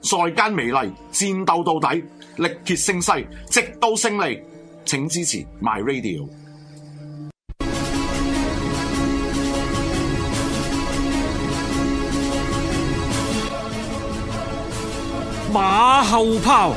在間美麗，戰鬥到底，力竭聲嘶，直到勝利。請支持 My Radio，馬後炮。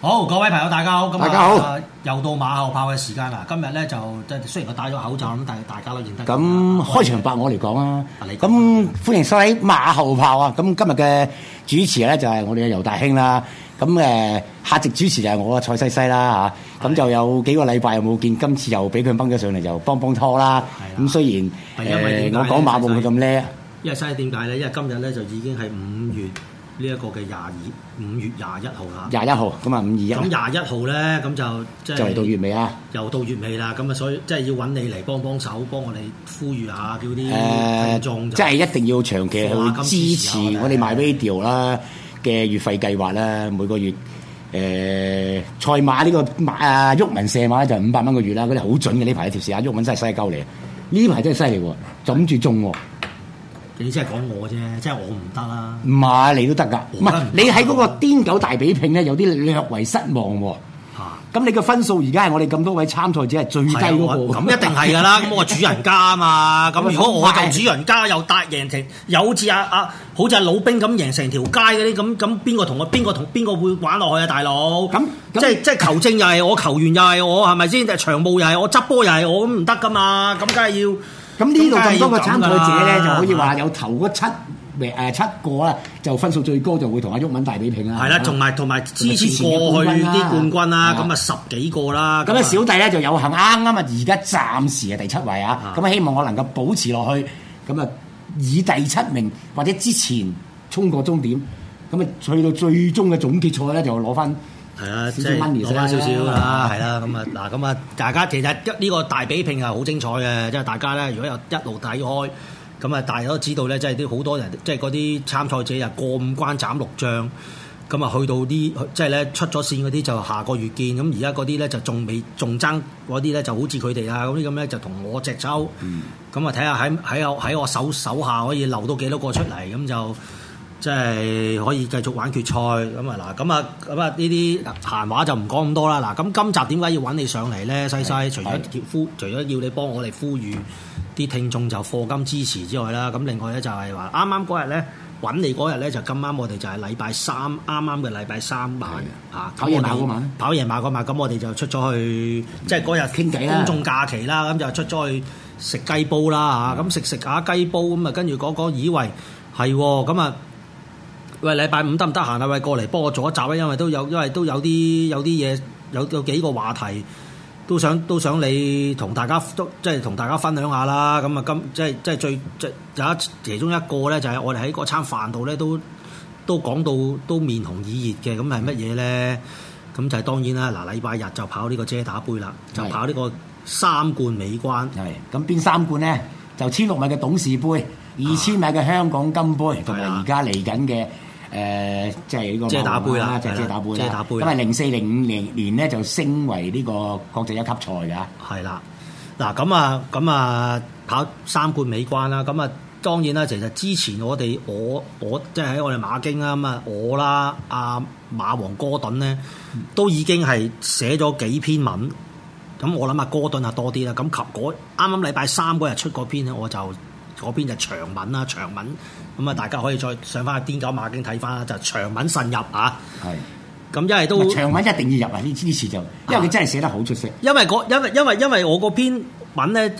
好，各位朋友，大家好。大家好，又到馬後炮嘅時間啦。今日咧就即係雖然我戴咗口罩，咁但係大家都認得。咁開場白我嚟講啦。咁歡迎收睇馬後炮啊！咁今日嘅主持咧就係我哋嘅尤達兄啦。咁誒、呃，客席主持就係我嘅蔡西西啦吓。咁就有幾個禮拜有冇見，今次又俾佢掹咗上嚟，又幫幫拖啦。咁雖然誒，我講馬冇佢咁叻。因為西西點解咧？因為今日咧就已經係五月。呢一個嘅廿二五月廿一號啦，廿一號咁啊，五二一咁廿一號咧，咁就即係就嚟到月尾啦，又到月尾啦，咁啊所以即係、就是、要揾你嚟幫幫手，幫我哋呼籲下叫啲中，即係、呃、一定要長期去支持我哋 MyRadio 啦嘅月費計劃啦，每個月誒賽、呃、馬呢個馬啊毓民射馬咧就五百蚊個月啦。嗰啲好準嘅呢排一條線啊，毓民真係犀鳩嚟，呢排真係犀利喎，就住中喎。你先係講我啫，即係我唔得啦。唔係不你都得㗎，唔係你喺嗰個癲狗大比拼咧，有啲略為失望喎。咁你嘅分數而家係我哋咁多位參賽者係最低嗰個。咁一定係㗎啦。咁 我係主人家啊嘛。咁如果我就主人家又達贏成，又好似阿阿，好似係老兵咁贏成條街嗰啲，咁咁邊個同我，邊個同邊個會玩落去啊，大佬？咁即係那即係球證又係我，我球員又係我，係咪先？就場務又係我，執波又係我，唔得㗎嘛。咁梗係要。咁呢度咁多個參賽者咧，啊、就可以話有頭嗰七誒的七個啊，就分數最高就會同阿毓民大比拼啊。係啦的，同埋同埋之前過去啲冠軍啦，咁啊的十幾個啦。咁咧的小弟咧就有幸啱啱啊，而家的暫時係第七位啊。咁啊的，希望我能夠保持落去，咁啊的以第七名或者之前衝過終點，咁啊去到最終嘅總決賽咧就攞翻。係啊，即係攞翻少少啦，係啦，咁 啊，嗱，咁啊，嗯、 大家其實呢個大比拼係好精彩嘅，即係大家咧，如果有一路睇開，咁啊，大家都知道咧，即係啲好多人，即係嗰啲參賽者啊過五關斬六將，咁啊，去到啲即係咧出咗線嗰啲就下個月見，咁而家嗰啲咧就仲未仲爭嗰啲咧，就好似佢哋啊啲咁樣咧，就同我隻抽，咁啊睇下喺喺我喺我手手下可以留到幾多個出嚟，咁就。即係可以繼續玩決賽咁，啊嗱，咁啊咁啊呢啲閒話就唔講咁多啦嗱。咁今集點解要揾你上嚟咧西西？除咗呼，除咗要你幫我哋呼籲啲聽眾就課金支持之外啦，咁另外咧就係話啱啱嗰日咧揾你嗰日咧就咁啱我哋就係禮拜三，啱啱嘅禮拜三晚啊，跑夜馬，跑夜馬嗰晚，night，晚，咁我哋就出咗去，即係嗰日傾偈，公眾假期啦，咁就出咗去食雞煲啦嚇，咁食食下雞煲，咁啊跟住講講以為係咁啊。喂，禮拜五得唔得閒啊？喂，過嚟幫我做一集啊！因為都有，因為都有啲有啲嘢，有有幾個話題都想都想你同大家都即係同大家分享下啦。咁啊，今即係即係最即有一其中一個咧，就係我哋喺嗰餐飯度咧，都都講到都面紅耳熱嘅。咁係乜嘢咧？咁、嗯、就係當然啦。嗱，禮拜日就跑呢個遮打杯啦，是就跑呢個三冠尾關。係。咁邊三冠咧？就千六米嘅董事杯，二千米嘅香港金杯，同埋而家嚟緊嘅。誒、呃，即係呢個即係打杯啦、啊，即係打杯啦。咁啊，因為零四零五年年咧就升為呢個國際一級賽㗎。係啦，嗱咁啊，咁啊，跑三冠尾關啦。咁啊，當然啦，其實之前我哋我我即係喺我哋馬經啦，咁啊，我啦，阿馬王哥頓咧，都已經係寫咗幾篇文。咁我諗下，哥頓啊多啲啦。咁及嗰啱啱禮拜三嗰日出嗰篇咧，我就。嗰邊就長文啦，長文咁啊，嗯、大家可以再上翻《癲狗馬經》睇翻啦，就係、長文慎入啊，係咁係，因為都長文一定要入嚟呢呢次就因為佢真係寫得好出色，因為因為因為因為我嗰篇文咧，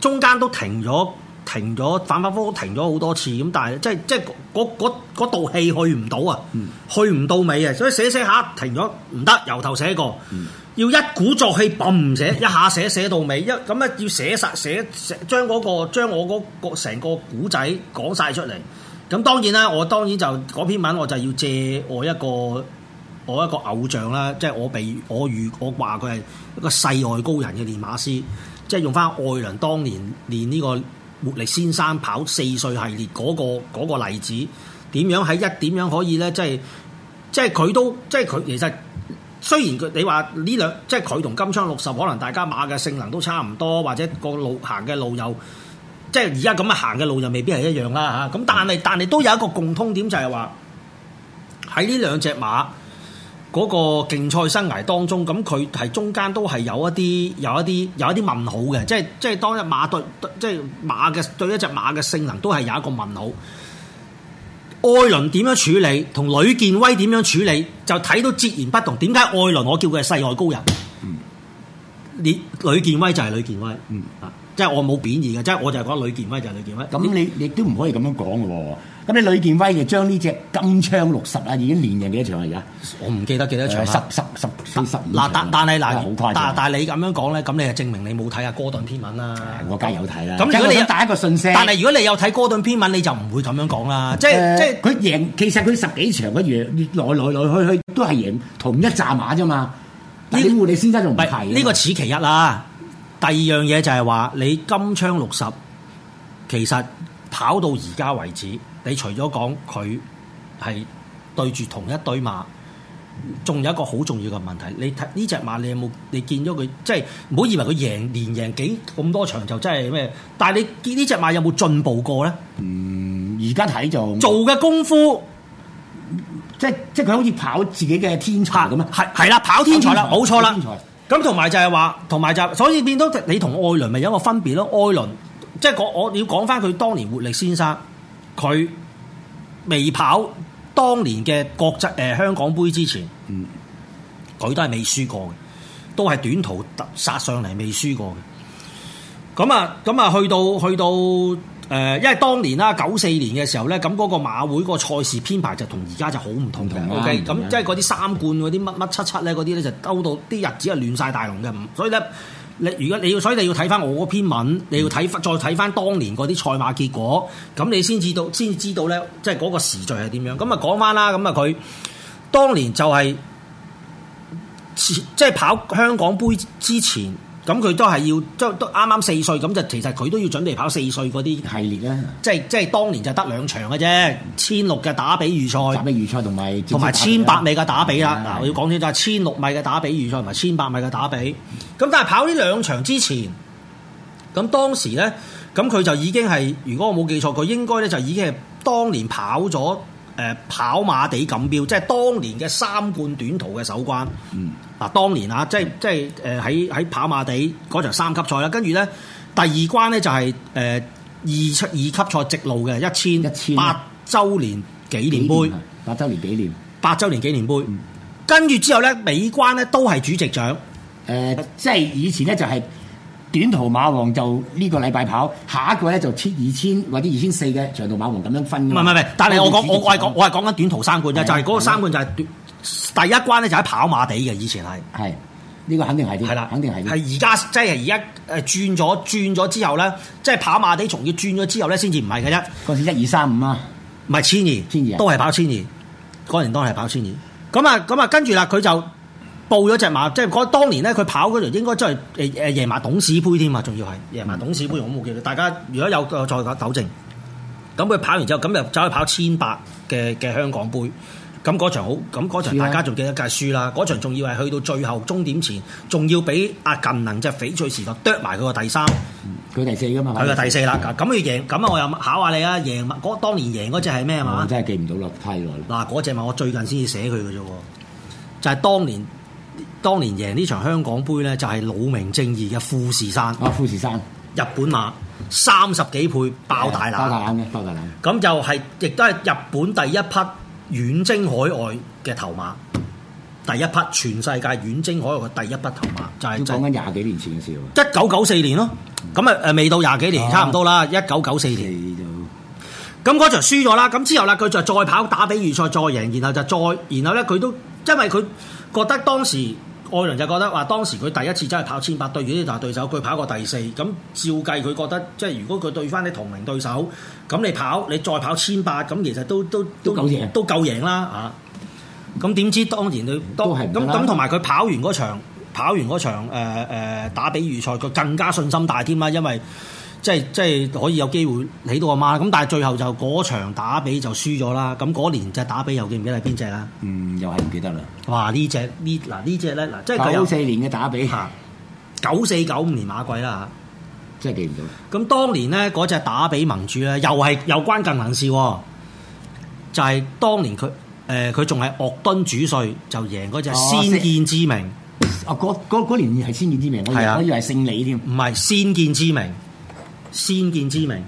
中間都停咗停咗反反覆覆停咗好多次，咁但係即係即係嗰嗰嗰道氣去唔到啊，嗯、去唔到尾啊，所以寫寫下停咗唔得，由頭寫過。嗯要一鼓作氣，咁寫，一下寫寫到尾，一咁咧要寫實寫，寫，將嗰個將我嗰個成個古仔講晒出嚟。咁當然啦，我當然就嗰篇文我就要借我一個我一個偶像啦，即係我被我如我話佢係一個世外高人嘅練馬師，即係用翻愛倫當年練呢個活力先生跑四歲系列嗰個嗰個例子，點樣喺一點樣可以咧，即係即係佢都即係佢其實。雖然佢你話呢兩即係佢同金槍六十可能大家馬嘅性能都差唔多，或者個路行嘅路又即係而家咁嘅行嘅路又未必係一樣啦嚇。咁但係但係都有一個共通點，就係話喺呢兩隻馬嗰個競賽生涯當中，咁佢係中間都係有一啲有一啲有一啲問號嘅，即係即係當一馬對即係馬嘅對一隻馬嘅性能都係有一個問號。艾倫點樣處理，同呂建威點樣處理，就睇到截然不同。點解艾倫我叫佢係世外高人？嗯，你呂建威就係呂建威。嗯啊，即係我冇貶義嘅，即係我就係講呂建威就係呂建威。咁你你都唔可以咁樣講嘅喎。咁你呂健威就將呢隻金槍六十啊，已經連贏幾多場啊？而家我唔記得幾多場，的十十十十十五。嗱，但但係嗱，但但係你咁樣講咧，咁你就證明你冇睇下哥頓篇文啦、嗯。我梗係有睇啦。咁那如，如果你有第一個訊息，但係如果你有睇哥頓篇文，你就唔會咁樣講啦。嗯、即係即係佢贏，其實佢十幾場嘅嘢，來來來去去都係贏同一扎馬啫嘛。呢個你先生就呢、嗯這個此其一啦。第二樣嘢就係話你金槍六十，其實跑到而家為止。你除咗講佢係對住同一堆馬，仲有一個好重要嘅問題，你睇呢隻馬，你有冇你見咗佢？即係唔好以為佢贏，連贏幾咁多場就真係咩？但係你見呢隻馬有冇進步過咧？嗯，而家睇就做嘅功夫，即係即係佢好似跑自己嘅天才咁啊！係係啦，跑天才，跑天才錯，啦，冇錯啦。咁同埋就係話，同埋就係、所以變到你同愛倫咪有一個分別咯？愛倫即係我我要講翻佢當年活力先生。佢未跑當年嘅國際誒、呃、香港杯之前，嗯，佢都係未輸過嘅，都係短途突殺上嚟未輸過嘅。咁啊，咁啊，去到去到誒、呃，因為當年啦，九四年嘅時候咧，咁、那、嗰個馬會個賽事編排就，就同而家就好唔同嘅。OK，咁即係嗰啲三冠嗰啲乜乜七七咧，嗰啲咧就兜到啲日子係亂晒大龍嘅。所以咧。你如果你要，所以你要睇翻我篇文，你要睇翻再睇翻當年嗰啲賽馬結果，咁你先知道先知道咧，即係嗰個時序係點樣。咁啊講翻啦，咁啊佢當年就係，即係跑香港杯之前。咁佢都係要，都都啱啱四歲，咁就其實佢都要準備跑四歲嗰啲系列啦。即係即係當年就得兩場嘅啫，千六嘅打比預賽，打比預賽同埋同埋千百米嘅打比啦。嗱，我要講清楚，千六米嘅打比預賽同埋千百米嘅打比。咁但係跑呢兩場之前，咁當時咧，咁佢就已經係，如果我冇記錯，佢應該咧就已經係當年跑咗誒、呃、跑馬地錦標，即係當年嘅三冠短途嘅首關。嗯。嗱，當年啊，即係即係誒，喺喺跑馬地嗰場三級賽啦，跟住咧第二關咧就係誒二七二級賽直路嘅一千百周年紀念杯，百週年紀念，百週年紀念杯。跟住之後咧，尾關咧都係主席獎。誒、呃，即係以前咧就係短途馬王就呢個禮拜跑，下一個咧就千二千或者二千四嘅長途馬王咁樣分。唔係唔係，但係我講我我係講我係講緊短途三冠啫，對就係嗰個三冠就係短。第一關咧就喺跑馬地嘅，以前係係呢個肯定係啲係啦，肯定係啲係而家即係而家誒轉咗轉咗之後咧，即係跑馬地從而轉咗之後咧先至唔係嘅啫。嗰時一二三五啊，唔係千二，千二都係跑千二，嗰年都係跑千二。咁啊咁啊，跟住啦，佢、嗯嗯、就報咗隻馬，即係嗰當年咧，佢跑嗰條應該真係誒誒夜晚董事杯添啊，仲要係夜晚董事杯，我冇記錯。大家如果有再再糾正，咁佢跑完之後，咁又走去跑千百嘅嘅香，香，香港杯。咁嗰場好，咁嗰場大家仲記得佢係輸啦。嗰輸了 場仲要係去到最後終點前，仲要俾阿近能隻翡翠時代奪埋佢個第三，佢第四噶嘛？佢個第四啦。咁佢贏，咁啊，我又考下你啊，贏嗰當年贏嗰隻係咩啊嘛？我真係記唔到落梯咯。嗱，嗰隻嘛，我最近先至寫佢嘅啫喎。就係、是、當年，當年贏呢場香港杯咧，就係老名正義嘅富士山。啊，富士山，日本馬三十幾倍爆大，大冷，爆大冷爆大冷嘅。咁就係、是，亦都係日本第一匹。遠征海外嘅頭馬，第一匹全世界遠征海外嘅第一匹頭馬，就係、是。你講緊廿幾年前嘅時候，一九九四年咯，咁啊誒未到廿幾年，啊、差唔多啦，一九九四年。咁嗰場輸咗啦，咁之後啦，佢就再跑打比預賽再贏，然後就再然後咧，佢都因為佢覺得當時。愛倫就覺得話當時佢第一次真係跑千八對住呢大對手，佢跑過第四，咁照計佢覺得即係如果佢對返啲同齡對手，咁你跑你再跑千八，咁其實都都都夠贏，都夠贏、啊、都啦嚇。咁點知當然佢都係咁咁，同埋佢跑完嗰場，跑完嗰場誒、呃、打比預賽，佢更加信心大添啦，因為。即係即係可以有機會起到阿媽咁，但係最後就嗰、是、場打比就輸咗啦。咁嗰年隻打比又記唔記得係邊隻啦？嗯，又係唔記得啦。哇！呢隻呢嗱呢隻咧嗱，即係九四年嘅打比，九四九五年馬季啦嚇，真係記唔到。咁當年咧嗰隻打比盟主咧，又係又關近民事、啊，就係、是、當年佢誒佢仲係沃敦主帥，就贏嗰隻先見之明。啊、哦，嗰 年係先見之明，我以為我以為姓李添，唔係、啊、先見之明。先見之明，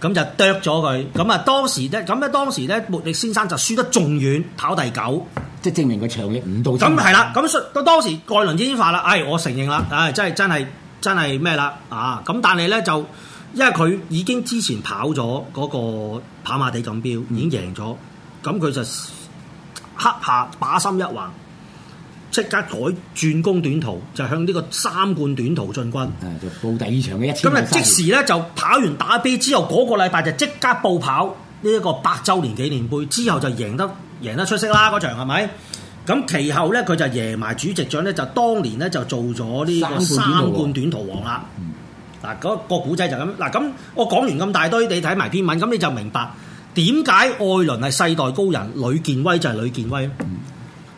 咁就剁咗佢。咁啊，當時咧，咁咧，當時咧，穆力先生就輸得仲遠，跑第九，即係證明佢長力五到。咁係啦，咁當當時蓋倫已經發啦，唉、哎，我承認啦，唉、啊，真係真係真係咩啦啊！咁但係咧，就因為佢已經之前跑咗嗰、那個跑馬地錦標已經贏咗，咁佢、嗯、就黑下把心一橫。即刻改轉攻短途，就向呢個三冠短途進軍。誒、嗯，就報第二場嘅一千米。咁啊，即時咧就跑完打比之後，嗰、那個禮拜就即刻報跑呢一個百周年紀念杯，之後就贏得贏得出色啦！嗰場係咪？咁其後咧，佢就贏埋主席獎咧，就當年咧就做咗呢個三冠短途王啦。嗱，嗰、嗯、個古仔就咁嗱，咁我講完咁大堆，你睇埋篇文，咁你就明白點解愛倫係世代高人，呂健威就係呂健威。嗯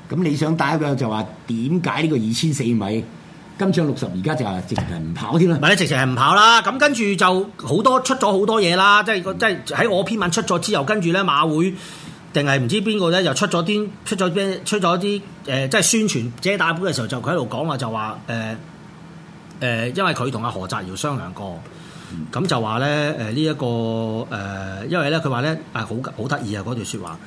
咁你想打一個就話點解呢個二千四米今次六十而家就話直情係唔跑添啦，咪咧直情係唔跑啦。咁跟住就好多出咗好多嘢啦，即係即係喺我篇文出咗之後，跟住咧馬會定係唔知邊個咧又出咗啲出咗啲出咗啲誒，即係宣傳姐打鼓嘅時候就佢喺度講啊，就話誒誒，因為佢同阿何澤堯商量過，咁、嗯、就話咧誒呢一、呃這個誒、呃，因為咧佢話咧係好好得意啊嗰段説話。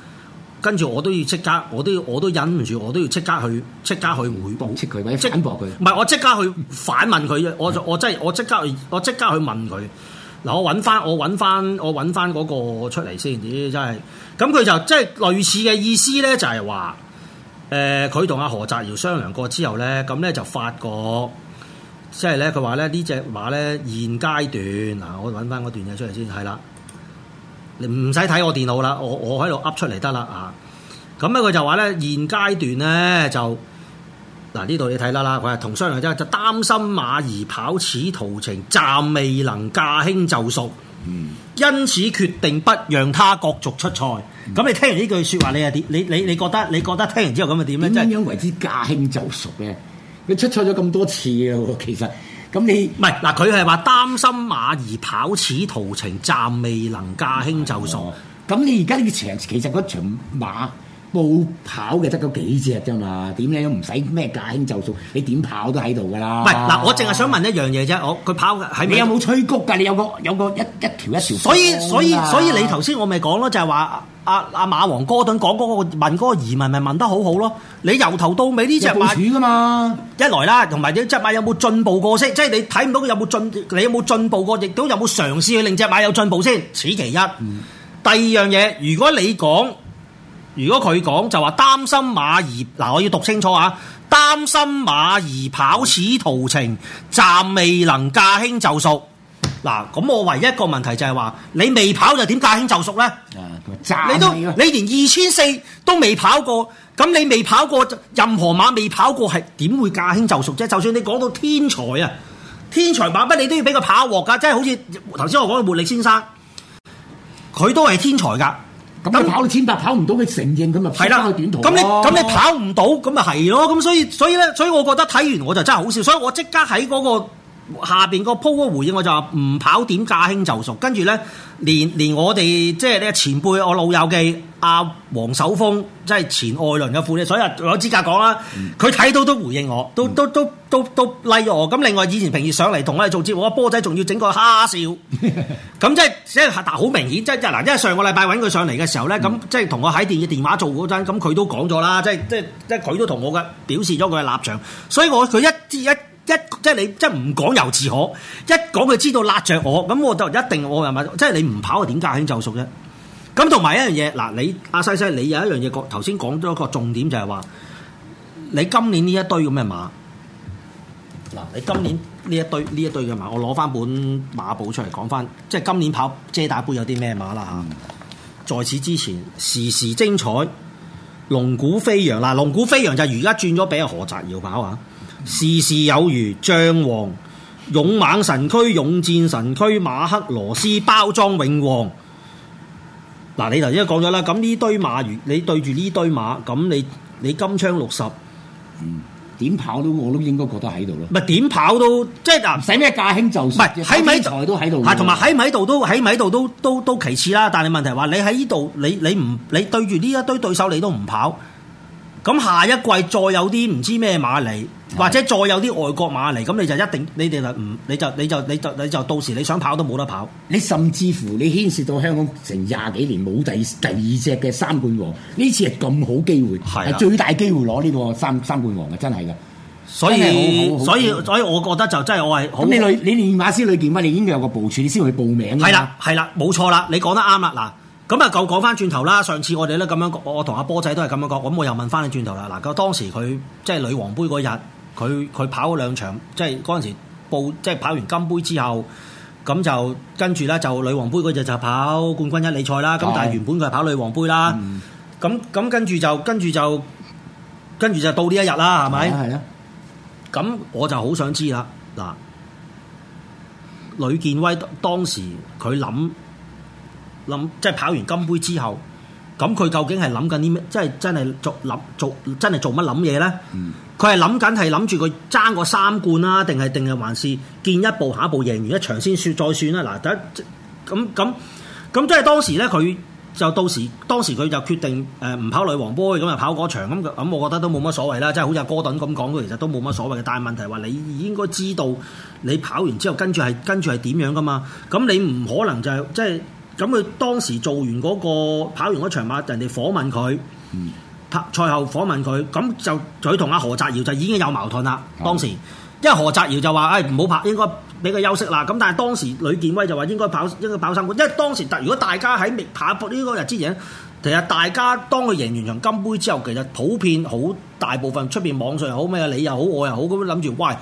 跟住我都要即刻，我都要我都忍唔住，我都要即刻去即刻去回擊佢，反駁佢。唔係我即刻去反問佢啫，我我真係我即刻我即刻去問佢。嗱，我揾翻我揾翻我揾翻嗰個出嚟先，真係咁佢就即係類似嘅意思咧，就係話誒佢同阿何澤瑤商量過之後咧，咁咧就發覺即係咧佢話咧呢隻話咧現階段嗱，我揾翻嗰段嘢出嚟先係啦。你唔使睇我電腦啦，我我喺度噏出嚟得啦啊！咁佢就話咧，現階段咧就嗱呢度你睇啦啦，佢話同商量啫，就擔心馬兒跑此途程暫未能駕輕就熟，因此決定不讓他各族出賽。咁、嗯、你聽完呢句説話，你係點？你你你覺得？你覺得聽完之後咁係點咧？點樣為之駕輕就熟嘅？你出賽咗咁多次啊，其實。咁那你唔係，嗱，佢係話擔心馬兒跑此途程暫未能駕輕就熟，咁你而家呢個場其實嗰場馬？冇跑嘅得嗰幾隻啫嘛？點都唔使咩駕輕就熟？你點跑都喺度噶啦。唔係嗱，我淨係想問一樣嘢啫。我佢跑係你有冇吹谷㗎？你有個有個一一條一條。所以所以所以你頭先我咪講咯，就係話阿阿馬王哥頓講嗰個問嗰個疑問，咪問得好好咯。你由頭到尾呢隻馬嘛一來啦，同埋呢隻馬有冇進步過先？即係你睇唔到佢有冇進，你有冇進步過？亦都有冇嘗試去令隻馬有進步先？此其一。嗯、第二樣嘢，如果你講如果佢講就話擔心馬兒，嗱我要讀清楚啊！擔心馬兒跑此途程，暫未能駕輕就熟。嗱，咁我唯一一個問題就係話，你未跑就點駕輕就熟呢？啊、你都你連二千四都未跑過，咁你未跑過任何馬，未跑過係點會駕輕就熟啫？就算你講到天才啊，天才馬匹你都要俾佢跑鑊噶，即係好似頭先我講嘅活力先生，佢都係天才噶。咁那跑到千八，跑唔到，到，到，佢承認咁咪跑去短途咯。咁你跑唔到，咁咪係咯。咁所以所以呢，所以我覺得睇完我就真係好笑。所以我即刻喺嗰個。下邊個 po 回應，我就話唔跑點駕輕就熟，跟住咧連連我哋即係咧前輩，我老友記阿黃守峰，即係前外輪嘅副咧，所以啊有資格講啦，佢睇、嗯、到都回應我，都都都、嗯、都都，都，都 l、like、我。咁另外以前平時上嚟同我哋做節目，波仔仲要整個哈笑，咁 即係即係好明顯，即係即嗱，因為上個禮拜揾佢上嚟嘅時候咧，咁、嗯、即係同我喺電電話做嗰陣，咁佢都講咗啦，即係即係即係佢都同我嘅表示咗佢嘅立場，所以我佢一啲一。一一即係你即係唔講猶自可，一講佢知道辣着我，咁我就一定我又咪？即係你唔跑，我點駕輕就熟啫？咁同埋一樣嘢，嗱，你阿西西，你有一樣嘢講，頭先講咗一個重點就係話，你今年呢一堆咁嘅馬，嗱，你今年呢一堆呢一堆嘅馬，我攞翻本馬報出嚟講翻，即係今年跑遮打杯有啲咩馬啦吓、啊？在此之前，時時精彩，龍鼓飛揚，嗱，龍鼓飛揚就係而家轉咗俾阿何澤堯跑啊。事事有餘將王，勇猛神驅，勇戰神驅，馬克羅斯包裝永王。嗱，你頭先都講咗啦，咁呢堆馬如你對住呢堆馬，咁你你金槍六十，嗯，點、嗯、跑都，我都應該覺得喺度咯。唔係點跑都，即係嗱，唔使咩駕輕就，唔係喺咪都喺度，嚇，同埋喺咪度都喺咪度都都都其次啦。但係問題話你喺呢度，你你唔你對住呢一堆對手，你都唔跑。咁下一季再有啲唔知咩馬嚟，或者再有啲外國馬嚟，咁你就一定，你哋就唔，你就你就你就你就到時你想跑都冇得跑。你甚至乎你牽涉到香港成廿幾年冇第第二隻嘅三冠王，呢次係咁好機會，係最大機會攞呢個三三冠王嘅，真係噶。所以所以所以，我覺得就真係我係好。你你練馬師，你練乜你應該有個部署，你先去報名。係啦，係啦，冇錯啦，你講得啱啦嗱。咁啊，又講翻轉頭啦！上次我哋咧咁樣，我我同阿波仔都係咁樣講，咁我又問翻你轉頭啦。嗱，佢當時佢即係女王杯嗰日，佢佢跑咗兩場，即係嗰陣時報，即係跑完金杯之後，咁就跟住咧就女王杯嗰日就跑冠軍一哩賽啦。咁對 但係原本佢係跑女王杯啦，咁咁跟住就跟住就跟住就到呢一日啦，係咪？係啊！咁、啊、我就好想知啦，嗱，呂建威當時佢諗。諗即係跑完金杯之後，咁佢究竟係諗緊啲咩？即係真係做諗做真係做乜諗嘢咧？佢係諗緊係諗住佢爭個三冠啦、啊，定係定係還是見一步下一步，贏完一場先算再算啦、啊？嗱、嗯，第一咁咁咁即係當時咧，佢就到時當時佢就決定誒唔跑女王波，咁、嗯，就、嗯、跑嗰場咁。咁、嗯嗯、我覺得都冇乜所謂啦，即係好似阿哥頓咁講，其實都冇乜所謂嘅。但係問題話，你應該知道你跑完之後跟，跟住係跟住係點樣㗎嘛？咁你唔可能就即係。即咁佢當時做完嗰、那個跑完嗰場馬，人哋訪問佢，拍賽、嗯、後訪問佢，咁就佢同阿何澤堯就已經有矛盾啦。嗯、當時，因為何澤堯就話，誒唔好拍，應該俾佢休息啦。咁但係當時呂健威就話：應該跑，應該跑三冠。因為當時，如果大家喺未跑呢個日子之前，其實大家當佢贏完場金杯之後，其實普遍好大部分出邊網上又好咩，你又好我又好，咁諗住，喂。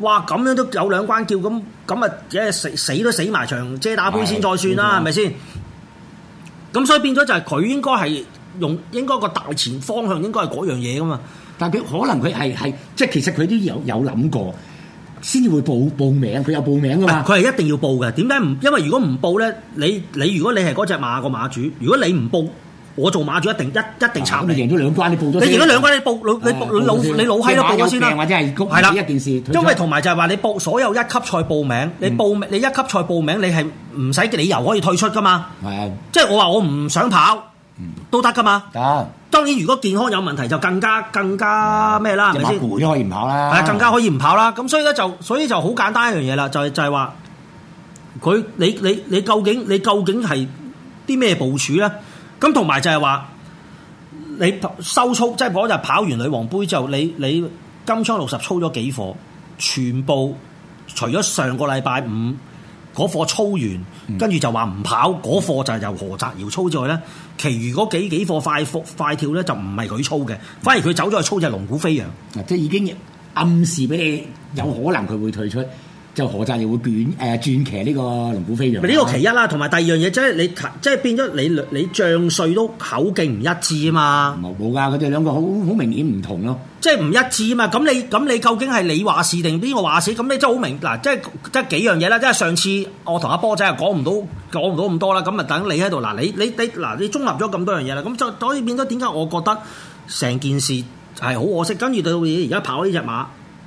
哇！咁樣都有兩關叫咁咁啊，即係死死都死埋場，遮打杯先再算啦，係咪先？咁 所以變咗就係佢應該係用，應該個大前方向應該係嗰樣嘢噶嘛。但係佢可能佢係係，即係其實佢都有有諗過，先至會報報名。佢有報名噶嘛？佢係、嗯、一定要報嘅。點解唔？因為如果唔報咧，你你如果你係嗰隻馬個馬主，如果你唔報。我做馬主一定一一定慘，你贏咗兩關，你報咗先。你贏咗兩關，你報老你報你老你老閪都報咗先啦。或者係公司一件事。因為同埋就係話你報所有一級賽報名，你報你一級賽報名，你係唔使理由可以退出㗎嘛。係啊，即係我話我唔想跑都得㗎嘛。得當然如果健康有問題就更加更加咩啦，係咪先？馬會可以唔跑啦。係啊，更加可以唔跑啦。咁所以咧就所以就好簡單一樣嘢啦，就係就係話佢你你你究竟你究竟係啲咩部署咧？咁同埋就係話，你收操，即係嗰日跑完女王杯之後，你你金槍六十操咗幾課，全部除咗上個禮拜五嗰課操完，跟住就話唔跑嗰課就係由何澤堯操之外咧，其餘嗰幾幾課快快跳咧就唔係佢操嘅，反而佢走咗去操就龍鼓飛揚，即係已經暗示俾你有可能佢會退出。就何澤又會卷誒、啊、轉騎呢個龍虎飛揚？呢個其一啦，同埋第二樣嘢，即係你即係變咗你你漲稅都口徑唔一致啊嘛。冇冇㗎，佢哋兩個好好明顯唔同咯、啊。即係唔一致啊嘛。咁你咁你究竟係你話事定邊個話事？咁你真係好明嗱，即係即係幾樣嘢啦。即係上次我同阿波仔又講唔到講唔到咁多啦。咁啊等你喺度嗱，你你你嗱，你綜合咗咁多樣嘢啦。咁就所以變咗點解？我覺得成件事係好可惜。跟住對到而家跑呢隻馬，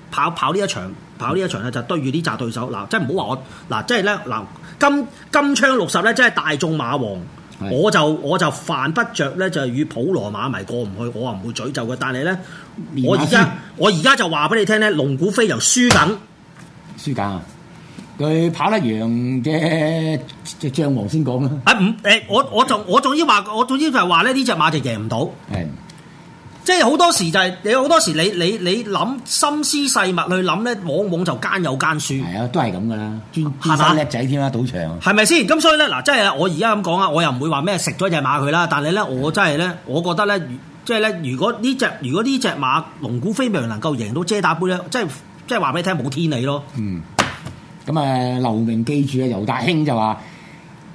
跑跑呢一場。跑呢一場咧就對住呢紮對手嗱，即係唔好話我嗱，即係咧嗱，金金槍六十咧，即係大眾馬王，是的 我就我就犯不着咧就與普羅馬迷過唔去，我話唔會詛咒嘅。但係咧，我而家我而家就話俾你聽咧，龍股飛遊輸緊，輸緊啊！佢跑得贏嘅即將王先講啊。誒唔誒？我我仲我總之話，我總之就係話咧，呢隻馬就贏唔到。係。即係好多時就係、是、你好多時你你你諗心思細密去諗咧，往往就間有間輸。係啊，都係咁噶啦，吧專專登叻仔添啦，賭場。係咪先？咁所以咧，嗱，即係我而家咁講啊，我又唔會話咩食咗隻馬佢啦。但係咧，我真係咧，我覺得咧，即係咧，如果呢隻如果呢隻馬龍股飛未能夠贏到遮打杯咧，即係即係話俾你聽冇天理咯。嗯。咁啊，劉明記住啊，尤大興就話。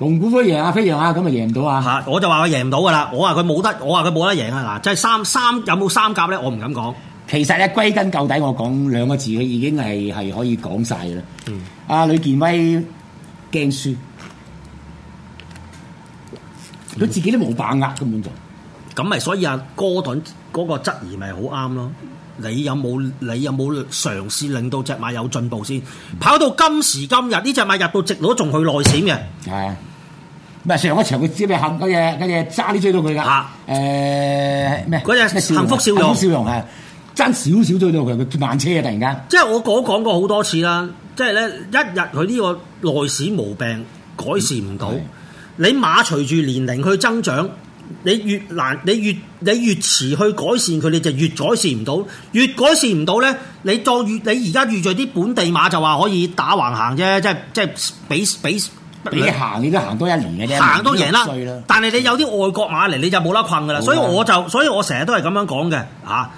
蒙古飛揚啊，飛揚啊，咁咪贏唔到啊！嚇，我就話佢贏唔到噶啦，我話佢冇得，我話佢冇得贏啊！嗱，即係三三有冇三甲咧？我唔敢講。其實啊，歸根究底，我講兩個字，佢已經係係可以講晒嘅啦。嗯。阿呂健威驚輸，佢自己都冇把握根本就，咁咪所以阿哥頓嗰個質疑咪好啱咯？你有冇你有冇嘗試令到隻馬有進步先？跑到今時今日呢隻馬入到直路都仲去內閃嘅。係。唔係上一場佢知咩肯嗰隻嗰隻揸啲追到佢㗎，誒咩嗰隻幸福笑容幸福笑容係爭少少追到佢，佢慢車啊突然間。即係我講講過好多次啦，即係咧一日佢呢個內市毛病改善唔到，嗯、你馬隨住年齡去增長，你越難，你越你越，你越遲去改善佢，你就越改善唔到，越改善唔到咧，你當越你而家遇着啲本地馬就話可以打橫行啫，即係即係畀畀。你行你都行多一年嘅啫，年行多贏啦。但係你有啲外國馬嚟，你就冇得困噶啦。所以我就，所以我成日都係咁樣講嘅吓，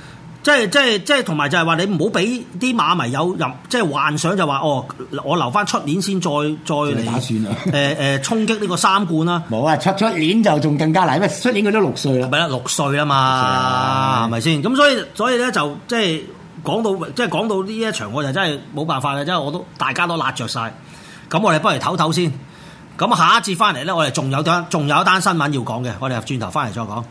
即係即係即係同埋就係話你唔好俾啲馬迷有任即係幻想就話哦，我留翻出年先再再嚟打算啊！誒誒、呃呃，衝擊呢個三冠啦！冇 啊，出出年就仲更加難，因為出年佢都六歲啦，係咪六歲啊嘛，係咪先？咁所以所以咧就即係講到即係講到呢一場，我就真係冇辦法嘅，即係我都大家都攔着晒。咁我哋不如唞唞先。咁下一次翻嚟呢，我哋仲有單，仲有一單新聞要講嘅，我哋轉頭翻嚟再講。